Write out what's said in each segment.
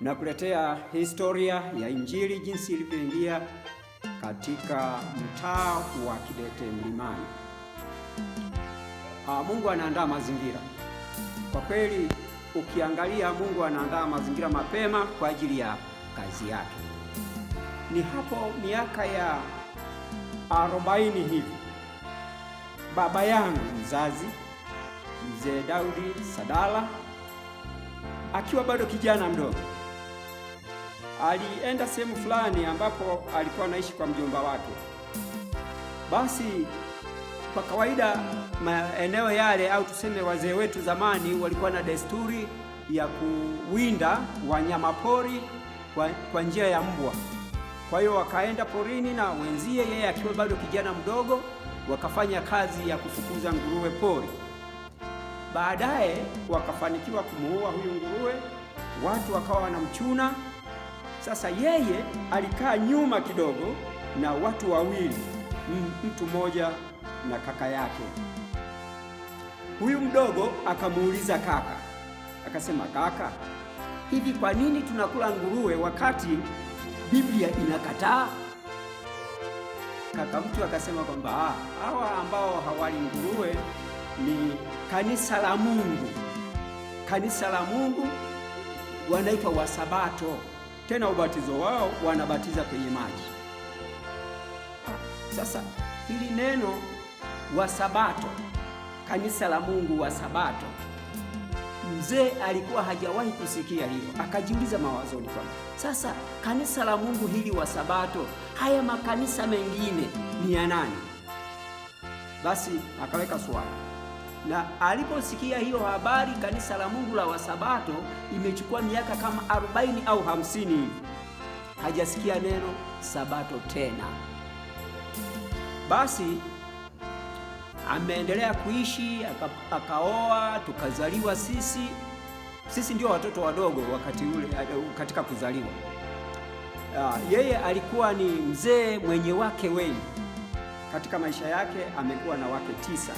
Nakuletea historia ya Injili jinsi ilivyoingia katika mtaa wa Kidete Mlimani. Ah, Mungu anaandaa mazingira. Kwa kweli ukiangalia Mungu anaandaa mazingira mapema kwa ajili ya kazi yake. Ni hapo miaka ya arobaini hivi baba yangu mzazi mzee Daudi Sadala akiwa bado kijana mdogo alienda sehemu fulani ambapo alikuwa anaishi kwa mjomba wake. Basi kwa kawaida maeneo yale au tuseme wazee wetu zamani walikuwa na desturi ya kuwinda wanyama pori kwa, kwa njia ya mbwa. Kwa hiyo wakaenda porini na wenzie, yeye akiwa bado kijana mdogo, wakafanya kazi ya kufukuza nguruwe pori. Baadaye wakafanikiwa kumuua huyu nguruwe, watu wakawa wanamchuna sasa yeye alikaa nyuma kidogo na watu wawili, mtu mmoja na kaka yake. Huyu mdogo akamuuliza kaka, akasema, kaka, hivi kwa nini tunakula nguruwe wakati Biblia inakataa? Kaka mtu akasema kwamba ah, hawa ambao hawali nguruwe ni kanisa la Mungu, kanisa la Mungu wanaitwa Wasabato tena ubatizo wao wanabatiza kwenye maji. Ah, sasa hili neno wa Sabato, kanisa la Mungu wa Sabato, mzee alikuwa hajawahi kusikia hilo, akajiuliza mawazoni kwamba sasa kanisa la Mungu hili wa Sabato, haya makanisa mengine ni ya nani? Basi akaweka swali na aliposikia hiyo habari, kanisa la Mungu la Wasabato imechukua miaka kama 40 au 50 hivi, hajasikia neno sabato tena. Basi ameendelea kuishi aka, akaoa, tukazaliwa sisi. Sisi ndio watoto wadogo wakati ule katika kuzaliwa. Aa, ah, yeye alikuwa ni mzee mwenye wake wengi. Katika maisha yake amekuwa na wake tisa.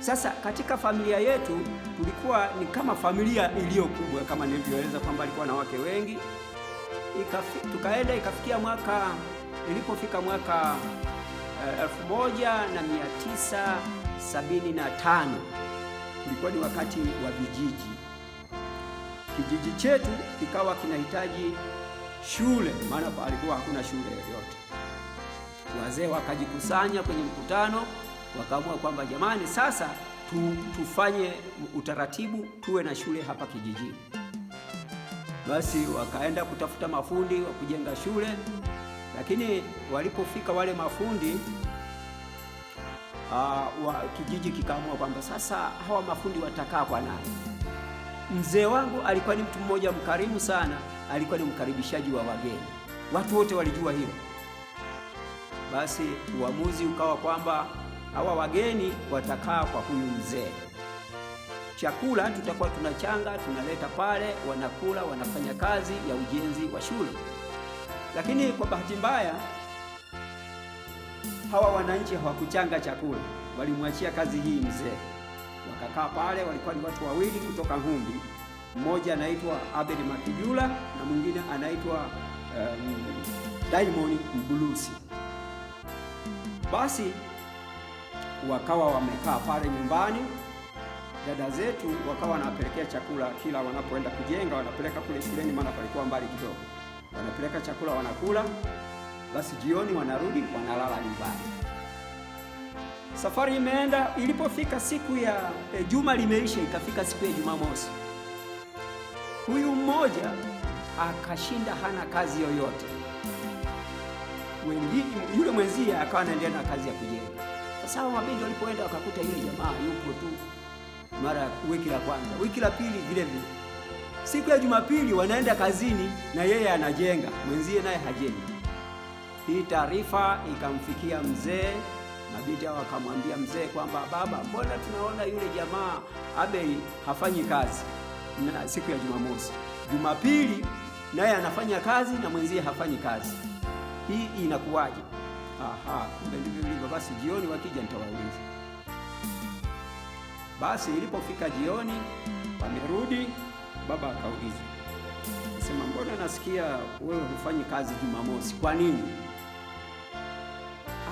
Sasa katika familia yetu tulikuwa ni kama familia iliyo kubwa, kama nilivyoeleza kwamba alikuwa na wake wengi. Ikafi, tukaenda ikafikia mwaka ilipofika mwaka eh, elfu moja na mia tisa sabini na tano ulikuwa ni wakati wa vijiji. Kijiji chetu kikawa kinahitaji shule, maana palikuwa hakuna shule yoyote. Wazee wakajikusanya kwenye mkutano wakaamua kwamba jamani, sasa tu, tufanye utaratibu tuwe na shule hapa kijijini. Basi wakaenda kutafuta mafundi wa kujenga shule, lakini walipofika wale mafundi uh, wa kijiji kikaamua kwamba sasa hawa mafundi watakaa kwa nani? Mzee wangu alikuwa ni mtu mmoja mkarimu sana, alikuwa ni mkaribishaji wa wageni, watu wote walijua hilo. Basi uamuzi ukawa kwamba hawa wageni watakaa kwa huyu mzee. Chakula tutakuwa tunachanga, tunaleta pale, wanakula, wanafanya kazi ya ujenzi wa shule. Lakini kwa bahati mbaya hawa wananchi hawakuchanga chakula, walimwachia kazi hii mzee. Wakakaa pale, walikuwa ni watu wawili kutoka Humbi, mmoja anaitwa Abel Makijula na mwingine anaitwa um, Diamond Mbulusi. Basi wakawa wamekaa pale nyumbani, dada zetu wakawa wanapelekea chakula kila wanapoenda kujenga, wanapeleka kule shuleni, maana palikuwa mbali kidogo, wanapeleka chakula wanakula, basi jioni wanarudi wanalala nyumbani. Safari imeenda, ilipofika siku ya e, juma limeisha, ikafika siku ya Jumamosi, huyu mmoja akashinda hana kazi yoyote, wengine yule mwenzie akawa anaendelea na kazi ya kujenga sasa hao mabinti walipoenda wakakuta yule jamaa yupo tu, mara wiki la kwanza, wiki la pili vile vile. Siku ya Jumapili wanaenda kazini na yeye anajenga, mwenzie naye hajengi. Hii taarifa ikamfikia mzee. Mabinti hao akamwambia mzee kwamba baba, mbona tunaona yule jamaa Abei hafanyi kazi na siku ya Jumamosi, Jumapili naye anafanya kazi na mwenzie hafanyi kazi, hii inakuwaje? aha, kumbe ndivyo vilivyo, basi jioni wakija nitawauliza. Basi ilipofika jioni, wamerudi, baba akauliza, sema mbona nasikia wewe hufanyi kazi Jumamosi, kwa nini?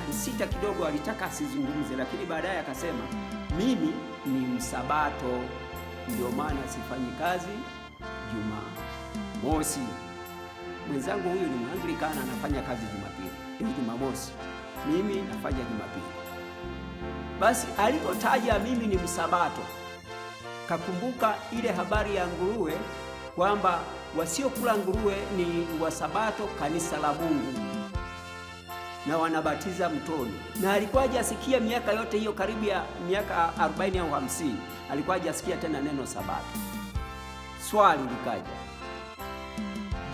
Alisita kidogo, alitaka asizungumze, lakini baadaye akasema, mimi ni msabato, ndio maana sifanyi kazi Jumamosi mwenzangu huyu ni Mwanglikana anafanya kazi Jumapili, hiyo Jumamosi, mimi nafanya Jumapili. Basi alipotaja mimi ni Msabato, kakumbuka ile habari ya nguruwe kwamba wasiokula nguruwe ni Wasabato, kanisa la Mungu na wanabatiza mtoni. Na alikuwa hajasikia miaka yote hiyo, karibu ya miaka 40 au 50, alikuwa hajasikia tena neno Sabato. Swali likaja,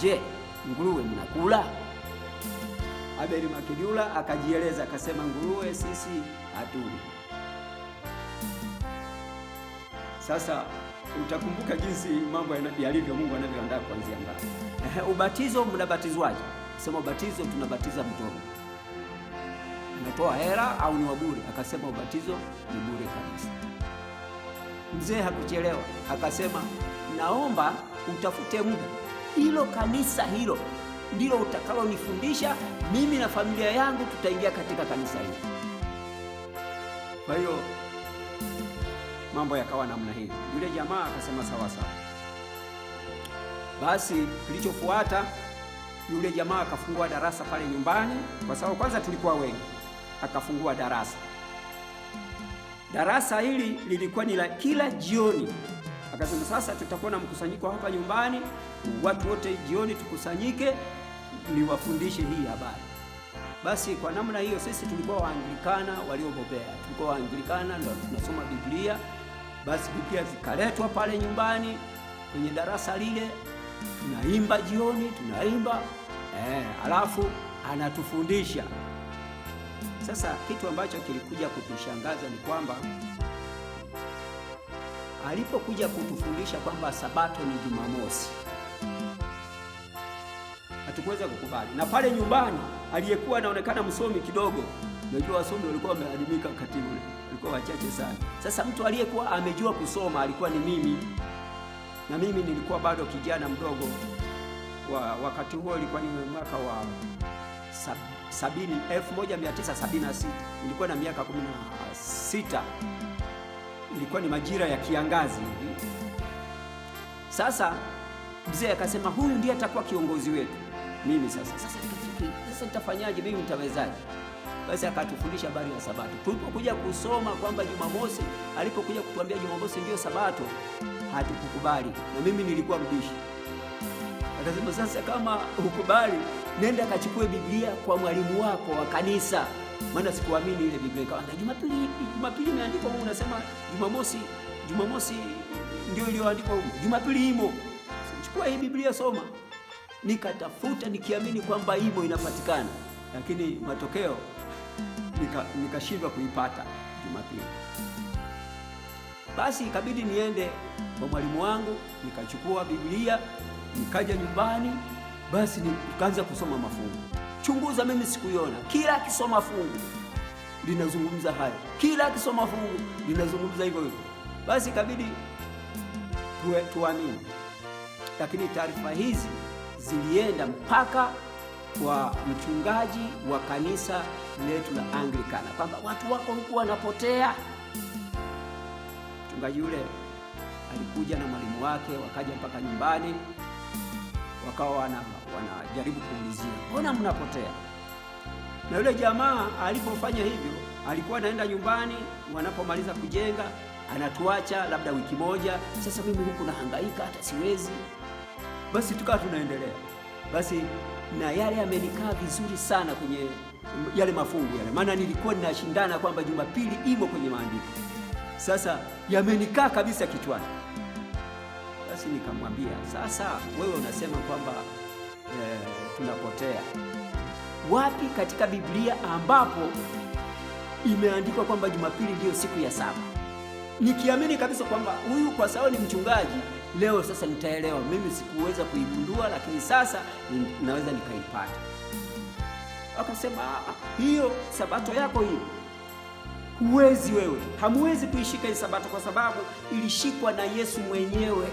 je, nguruwe mnakula? Abeli Makidula akajieleza akasema, nguruwe sisi hatuli. Sasa utakumbuka jinsi mambo yalivyo, Mungu anavyoandaa kuanzia mbali. Ubatizo, mnabatizwaje? Sema ubatizo, tunabatiza mtoto. Unatoa hela au ni waburi Akasema ubatizo ni bure kabisa. Mzee hakuchelewa, akasema naomba utafute muda hilo kanisa hilo ndilo utakalonifundisha mimi na familia yangu, tutaingia katika kanisa hilo. Kwa hiyo mambo yakawa namna hii. Yule jamaa akasema sawa sawa. Basi kilichofuata yule jamaa akafungua darasa pale nyumbani, kwa sababu kwanza tulikuwa wengi. Akafungua darasa. Darasa hili lilikuwa ni la kila jioni. Akasema sasa tutakuwa na mkusanyiko hapa nyumbani, watu wote jioni tukusanyike, niwafundishe hii habari. Basi kwa namna hiyo sisi tulikuwa Waanglikana waliobobea, tulikuwa Waanglikana ndio tunasoma Biblia. Basi Biblia zikaletwa pale nyumbani kwenye darasa lile, tunaimba jioni, tunaimba eh, alafu anatufundisha sasa. Kitu ambacho kilikuja kutushangaza ni kwamba alipokuja kutufundisha kwamba sabato ni Jumamosi hatukuweza kukubali, na pale nyumbani aliyekuwa anaonekana msomi kidogo, najua wasomi walikuwa wameadimika wakati ule, walikuwa wachache sana. Sasa mtu aliyekuwa amejua kusoma alikuwa ni mimi, na mimi nilikuwa bado kijana mdogo wa, wakati huo ilikuwa ni mwaka wa sab, sabini, 1976 nilikuwa na miaka 16 ilikuwa ni majira ya kiangazi hivi. Sasa mzee akasema huyu ndiye atakuwa kiongozi wetu. Mimi sasa sasa sasa nitafanyaje? Mimi nitawezaje? Basi akatufundisha habari ya Sabato. Tulipokuja kusoma kwamba Jumamosi, alipokuja kutuambia Jumamosi ndiyo Sabato, hatukukubali, na mimi nilikuwa mbishi. Akasema sasa, kama hukubali, nenda kachukue Biblia kwa mwalimu wako wa kanisa maana sikuamini ile Biblia. Nikawaambia Jumapili Jumapili imeandikwa huko, unasema Jumamosi, Jumamosi ndio iliyoandikwa huko. Jumapili imo. Chukua hii Biblia soma. Nikatafuta nikiamini kwamba imo inapatikana. Lakini matokeo nikashindwa nika kuipata Jumapili. Basi ikabidi niende kwa mwalimu wangu, nikachukua Biblia, nikaja nyumbani, basi nikaanza kusoma mafungu. Chunguza, mimi sikuiona. Kila akisoma fungu linazungumza hayo, kila akisoma fungu linazungumza hivyo hivyo. Basi ikabidi tuamini, lakini taarifa hizi zilienda mpaka kwa mchungaji wa kanisa letu la Anglikana kwamba watu wako huku wanapotea. Mchungaji yule alikuja na mwalimu wake, wakaja mpaka nyumbani, wakawa wana wanajaribu kuulizia, mbona mnapotea? Na yule jamaa alipofanya hivyo, alikuwa anaenda nyumbani, wanapomaliza kujenga anatuacha labda wiki moja. Sasa mimi huku nahangaika, hata siwezi. Basi tukawa tunaendelea basi, na yale yamenikaa vizuri sana kwenye yale mafungu yale, maana nilikuwa ninashindana kwamba Jumapili imo kwenye maandiko. Sasa yamenikaa kabisa kichwani. Basi nikamwambia, sasa wewe unasema kwamba Eh, tunapotea. Wapi katika Biblia ambapo imeandikwa kwamba Jumapili ndiyo siku ya saba? Nikiamini kabisa kwamba huyu kwa sababu ni mchungaji leo sasa nitaelewa. Mimi sikuweza kuigundua, lakini sasa naweza nikaipata. Akasema ah, hiyo sabato yako hiyo huwezi wewe, hamwezi kuishika hii sabato, kwa sababu ilishikwa na Yesu mwenyewe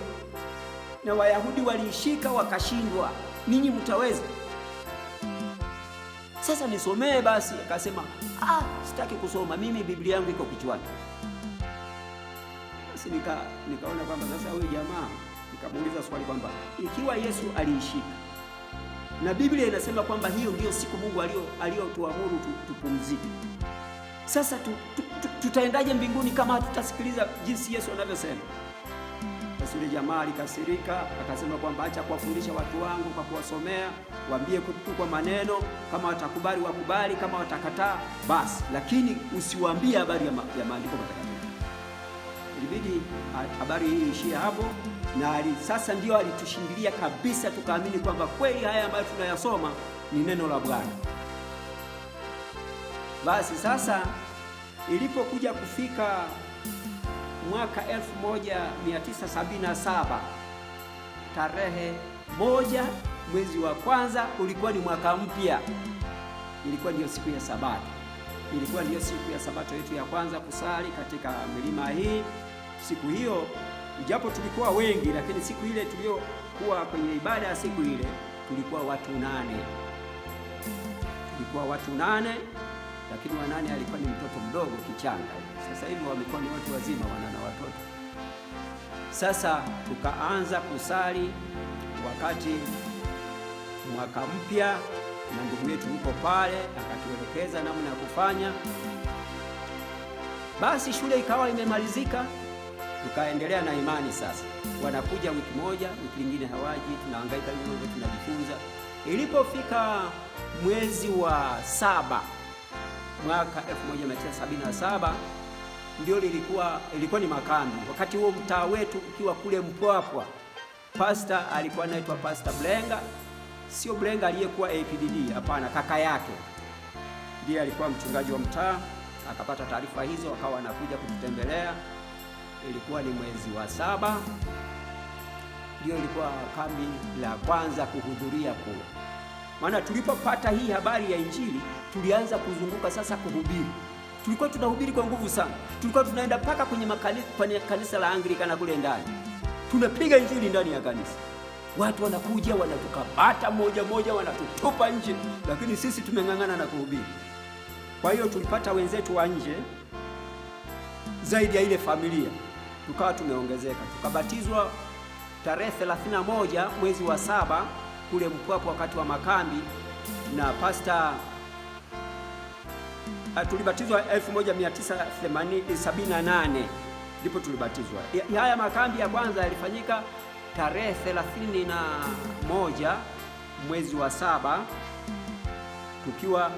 na Wayahudi waliishika wakashindwa ninyi mtaweza. Sasa nisomee basi. Akasema ah, sitaki kusoma mimi, Biblia yangu iko kichwani. Basi nika nikaona kwamba sasa huyu jamaa, nikamuuliza swali kwamba ikiwa Yesu aliishika na Biblia inasema kwamba hiyo ndiyo siku Mungu aliyotuamuru tupumzike, sasa tu, tu, tu, tutaendaje mbinguni kama hatutasikiliza jinsi Yesu anavyosema? Basi yule jamaa alikasirika, akasema kwamba acha kuwafundisha watu wangu kwa kuwasomea, waambie tu kwa maneno, kama watakubali wakubali, kama watakataa basi, lakini usiwaambie habari ya, ma ya maandiko matakatifu. Ilibidi habari hii ishie hapo, na sasa ndio alitushindilia kabisa, tukaamini kwamba kweli haya ambayo tunayasoma ni neno la Bwana. Basi sasa ilipokuja kufika mwaka 1977 tarehe moja mwezi wa kwanza ulikuwa ni mwaka mpya, ilikuwa ndiyo siku ya Sabato, ilikuwa ndiyo siku ya Sabato yetu ya kwanza kusali katika milima hii. Siku hiyo japo tulikuwa wengi, lakini siku ile tuliyokuwa kwenye ibada ya siku ile tulikuwa watu nane, tulikuwa watu nane, lakini wanane alikuwa ni mtoto mdogo kichanga. Sasa hivi wamekuwa ni watu wazima wanana sasa tukaanza kusali wakati mwaka mpya, na ndugu yetu yuko pale akatuelekeza namna ya kufanya. Basi shule ikawa imemalizika, tukaendelea na imani. Sasa wanakuja wiki moja, wiki nyingine hawaji, tunahangaika hivyo hivyo, tunajifunza. Ilipofika mwezi wa saba mwaka 1977 ndio lilikuwa ilikuwa ni makambi. Wakati huo mtaa wetu ukiwa kule Mpwapwa, pasta alikuwa anaitwa Pasta Blenga, sio Blenga aliyekuwa APDD, hapana, kaka yake ndiye alikuwa mchungaji wa mtaa. Akapata taarifa hizo, akawa anakuja kututembelea. Ilikuwa ni mwezi wa saba, ndio ilikuwa kambi la kwanza kuhudhuria kule, maana tulipopata hii habari ya Injili tulianza kuzunguka sasa kuhubiri tulikuwa tunahubiri kwa nguvu sana, tulikuwa tunaenda mpaka kwenye makanisa, kanisa la Anglikana kule ndani, tunapiga injili ndani ya kanisa, watu wanakuja wanatukapata moja moja, wanatutupa nje, lakini sisi tumeng'ang'ana na kuhubiri. Kwa hiyo tulipata wenzetu wa nje zaidi ya ile familia, tukawa tumeongezeka, tukabatizwa tarehe 31 mwezi wa saba kule Mpwapwa wakati wa makambi na pasta Ah, tulibatizwa 1978 ndipo tulibatizwa. Haya makambi ya kwanza yalifanyika tarehe 31 mwezi wa saba tukiwa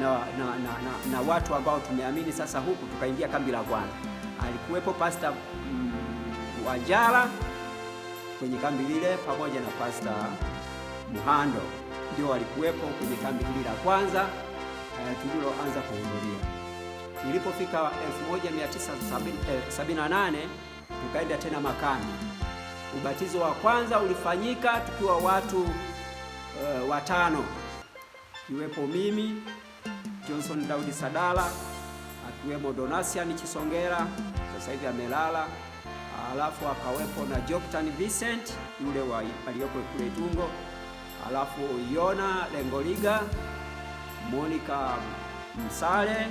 na, na, na, na, na watu ambao tumeamini sasa. Huku tukaingia kambi la kwanza, alikuwepo Pasta mm, Wanjala kwenye kambi lile pamoja na Pasta Muhando, ndio walikuwepo kwenye kambi hili la kwanza tuliloanza kuhudhuria. Ilipofika 1978 eh, tukaenda tena makami Ubatizo wa kwanza ulifanyika tukiwa watu uh, watano, kiwepo mimi Johnson Daudi Sadala, akiwemo Donasian Chisongera, sasa hivi amelala, alafu akawepo na Joktan Vincent yule aliyoko kule Tungo, alafu Yona Lengoliga Monica Msale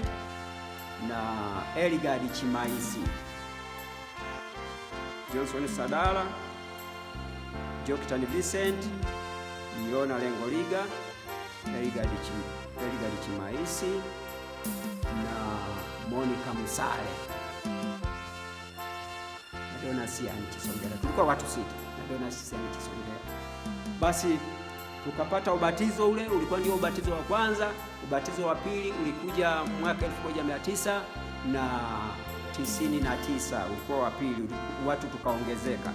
na Eligard Chimaisi, Johnson Sadala, Joktan Vincent, Yona Lengoliga, Eligard Chimaisi na Monica Msale. Donasi Anti Songera. Tulikuwa watu sita na Donasi Anti Songera. Basi tukapata ubatizo. Ule ulikuwa ndio ubatizo wa kwanza. Ubatizo wa pili ulikuja mwaka 1900 na tisini na tisa, ulikuwa wa pili. Watu tukaongezeka,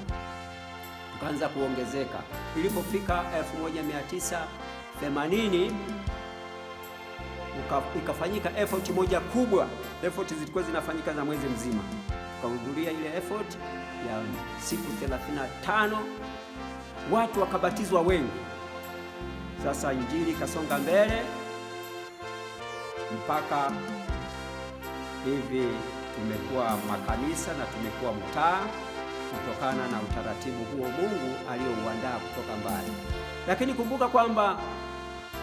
tukaanza kuongezeka. Ilipofika 1980 ikafanyika effort moja kubwa. Effort zilikuwa zinafanyika za mwezi mzima, tukahudhuria ile effort ya siku 35, watu wakabatizwa wengi sasa injili ikasonga mbele mpaka hivi tumekuwa makanisa na tumekuwa mtaa, kutokana na utaratibu huo Mungu aliyouandaa kutoka mbali. Lakini kumbuka kwamba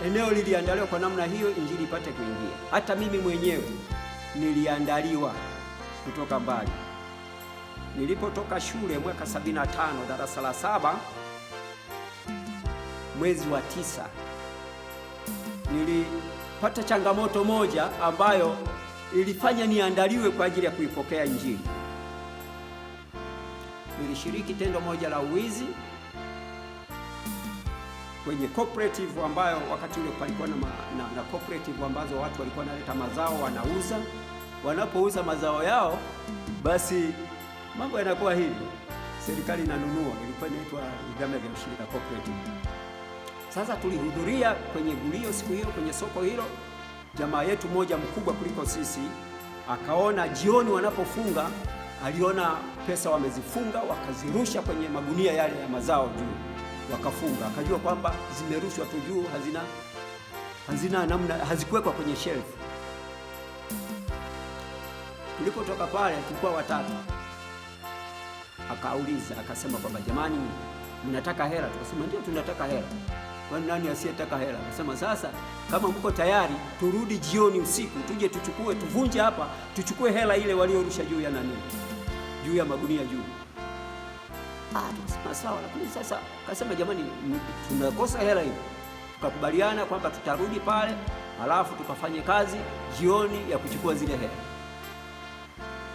eneo liliandaliwa kwa namna hiyo injili ipate kuingia. Hata mimi mwenyewe niliandaliwa kutoka mbali. Nilipotoka shule mwaka 75 darasa la saba mwezi wa tisa, nilipata changamoto moja ambayo ilifanya niandaliwe kwa ajili ya kuipokea Injili. Nilishiriki tendo moja la uwizi kwenye cooperative ambayo wakati ule palikuwa na, na, na cooperative ambazo watu walikuwa wanaleta mazao wanauza. Wanapouza mazao yao, basi mambo yanakuwa hivyo, serikali inanunua. Ilikuwa inaitwa vyama vya ushirika cooperative. Sasa tulihudhuria kwenye gulio siku hiyo kwenye soko hilo, jamaa yetu moja mkubwa kuliko sisi akaona jioni wanapofunga, aliona pesa wamezifunga, wakazirusha kwenye magunia yale ya mazao juu, wakafunga. Akajua kwamba zimerushwa tu juu, hazina hazina namna, hazikuwekwa kwenye shelf. Tulipotoka pale tulikuwa watatu, akauliza akasema kwamba jamani, mnataka hela? Tukasema ndio tunataka hela kwani nani asiyetaka hela? Nasema sasa, kama mko tayari, turudi jioni usiku, tuje tuchukue, tuvunje hapa, tuchukue hela ile waliorusha juu ya nani, juu ya magunia juu. Ah, tukasema sawa. Lakini sasa kasema, jamani, tunakosa hela hiyo. Tukakubaliana kwamba tutarudi pale, halafu tukafanye kazi jioni ya kuchukua zile hela.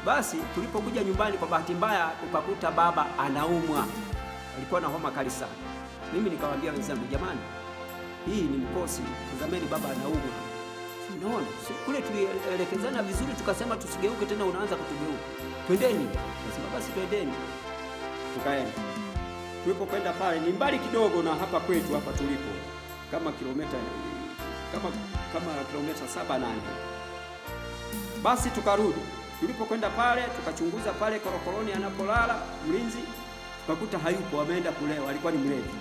Basi tulipokuja nyumbani, kwa bahati mbaya tukakuta baba anaumwa, alikuwa na homa kali sana. Mimi nikawaambia wenzangu, jamani, hii ni mkosi, tazameni baba anaumwa. Unaona kule tulielekezana vizuri, tukasema tusigeuke tena, unaanza kutugeuka. Twendeni, nasema basi twendeni. Tukaenda, tulipokwenda pale ni mbali kidogo na hapa kwetu hapa tulipo, kama kilomita kama kama kilomita saba nane. Basi tukarudi tulipokwenda pale tukachunguza pale korokoroni anapolala mlinzi, tukakuta hayupo, ameenda kulewa, alikuwa ni mlevi.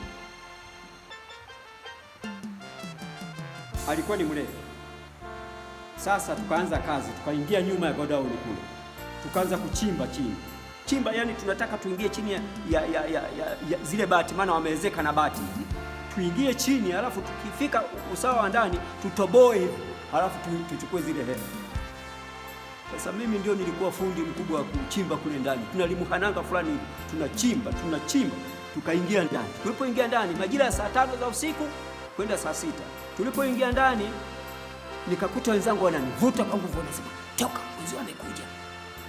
alikuwa ni mlevi. Sasa tukaanza kazi, tukaingia nyuma ya godauni kule, tukaanza kuchimba chini chimba, yani tunataka tuingie chini ya, ya, ya, ya, ya zile bati, maana wamewezeka na bati, tuingie chini, halafu tukifika usawa wa ndani tutoboe, halafu tuchukue zile hela. Sasa mimi ndio nilikuwa fundi mkubwa wa kuchimba kule ndani, tunalimuhananga fulani tunachimba tunachimba, tukaingia ndani. Tulipoingia ndani majira ya saa tano za usiku kwenda saa sita Tulipoingia ndani, nikakuta wenzangu wananivuta kwa nguvu, wanasema toka, mzee amekuja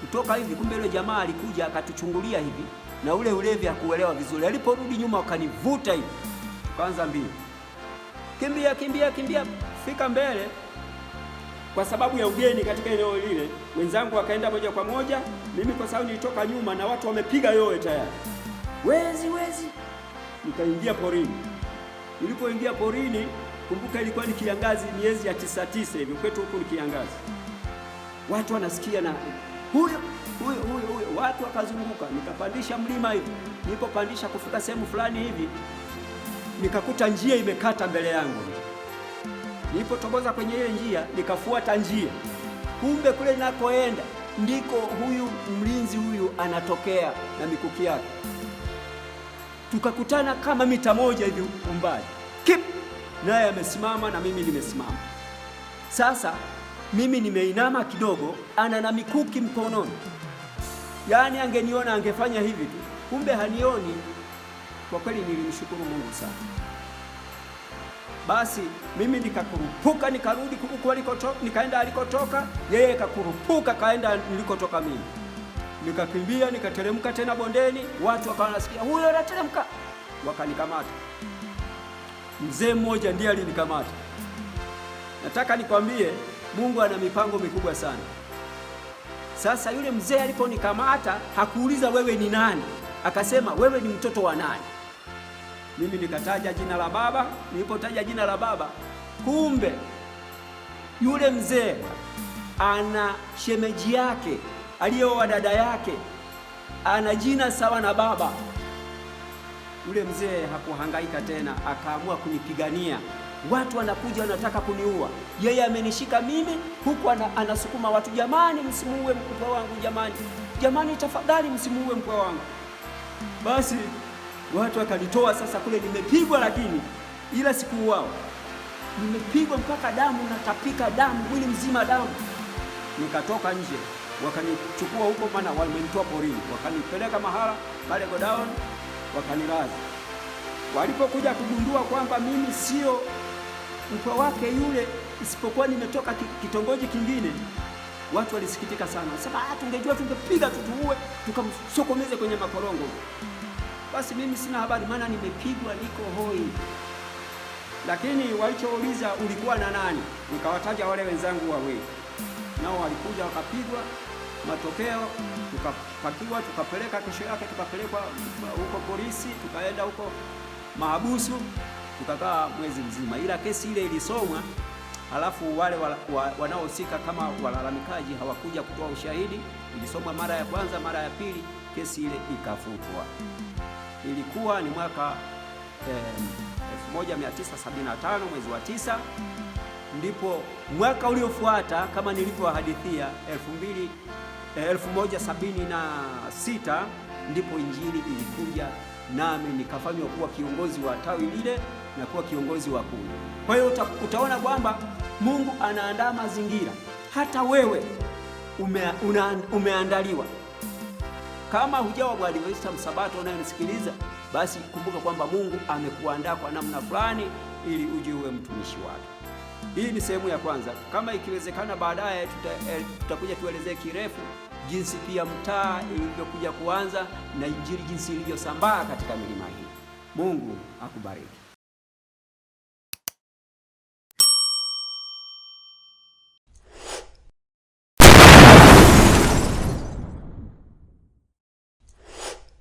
kutoka hivi. Kumbe yule jamaa alikuja akatuchungulia hivi, na ule ulevi hakuelewa vizuri. Aliporudi nyuma, wakanivuta hivi, kwanza mbio, kimbia kimbia kimbia, fika mbele. Kwa sababu ya ugeni katika eneo lile, wenzangu wakaenda moja kwa moja, mimi kwa sababu nilitoka nyuma na watu wamepiga yowe tayari, wezi wezi, nikaingia porini. Nilipoingia porini Kumbuka ilikuwa ni kiangazi, miezi ya tisa tisa hivyo, kwetu huko ni kiangazi. Watu wanasikia na huyo huyo huyo huyo, watu wakazunguka. Nikapandisha mlima hivi, nilipopandisha kufika sehemu fulani hivi, nikakuta njia imekata mbele yangu. Nilipotoboza kwenye ile njia, nikafuata njia, kumbe kule ninakoenda ndiko huyu mlinzi huyu anatokea na mikuki yake. Tukakutana kama mita moja hivi umbali kip naye amesimama na mimi nimesimama. Sasa mimi nimeinama kidogo, ana na mikuki mkononi, yaani angeniona angefanya hivi tu, kumbe hanioni. Kwa kweli nilimshukuru Mungu sana. Basi mimi nikakurupuka nikarudi huko alikotoka, nikaenda alikotoka yeye, kakurupuka kaenda nilikotoka mimi, nikakimbia nikateremka tena bondeni, watu wakawa nasikia huyo anateremka, wakanikamata mzee mmoja ndiye alinikamata. Nataka nikwambie Mungu ana mipango mikubwa sana. Sasa yule mzee aliponikamata hakuuliza wewe ni nani, akasema wewe ni mtoto wa nani. Mimi nikataja jina la baba. Nilipotaja jina la baba, kumbe yule mzee ana shemeji yake aliyeoa dada yake, ana jina sawa na baba. Yule mzee hakuhangaika tena, akaamua kunipigania. Watu wanakuja wanataka kuniua, yeye amenishika mimi, huku anasukuma watu, jamani, msimuue mkubwa wangu, jamani, jamani, tafadhali msimuue mkubwa wangu. Basi watu wakanitoa sasa kule, nimepigwa lakini ila sikuuawa, nimepigwa mpaka damu natapika, damu mwili mzima damu. Nikatoka nje, wakanichukua huko, maana wamenitoa porini, wakanipeleka mahala pale godown wakanilaza. Walipokuja kugundua kwamba mimi sio mkwe wake yule, isipokuwa nimetoka kitongoji kingine, watu walisikitika sana, sema ah, tungejua tungepiga tutuue, tukamsokomeze kwenye makorongo. Basi mimi sina habari, maana nimepigwa, niko hoi. Lakini walichouliza ulikuwa na nani, nikawataja wale wenzangu wawili, nao walikuja wakapigwa matokeo tukapakiwa, tukapeleka, kesho yake tukapelekwa huko polisi, tukaenda huko mahabusu, tukakaa mwezi mzima, ila kesi ile ilisomwa, halafu wale wanaohusika kama walalamikaji hawakuja kutoa ushahidi. Ilisomwa mara ya kwanza, mara ya pili, kesi ile ikafutwa. Ilikuwa ni mwaka eh, 1975 mwezi wa tisa ndipo mwaka uliofuata kama nilivyohadithia 2000 1076 ndipo injili ilikuja nami nikafanywa kuwa kiongozi wa tawi lile na kuwa kiongozi wa kundi. Kwa hiyo utaona kwamba Mungu anaandaa mazingira, hata wewe ume, una, umeandaliwa. Kama hujawa Mwadventista msabato unayonisikiliza, basi kumbuka kwamba Mungu amekuandaa kwa namna fulani ili uje uwe mtumishi wake. Hii ni sehemu ya kwanza. Kama ikiwezekana, baadaye tuta, eh, tutakuja tuelezee kirefu jinsi pia mtaa ilivyokuja kuanza na injili jinsi ilivyosambaa katika milima hii. Mungu akubariki.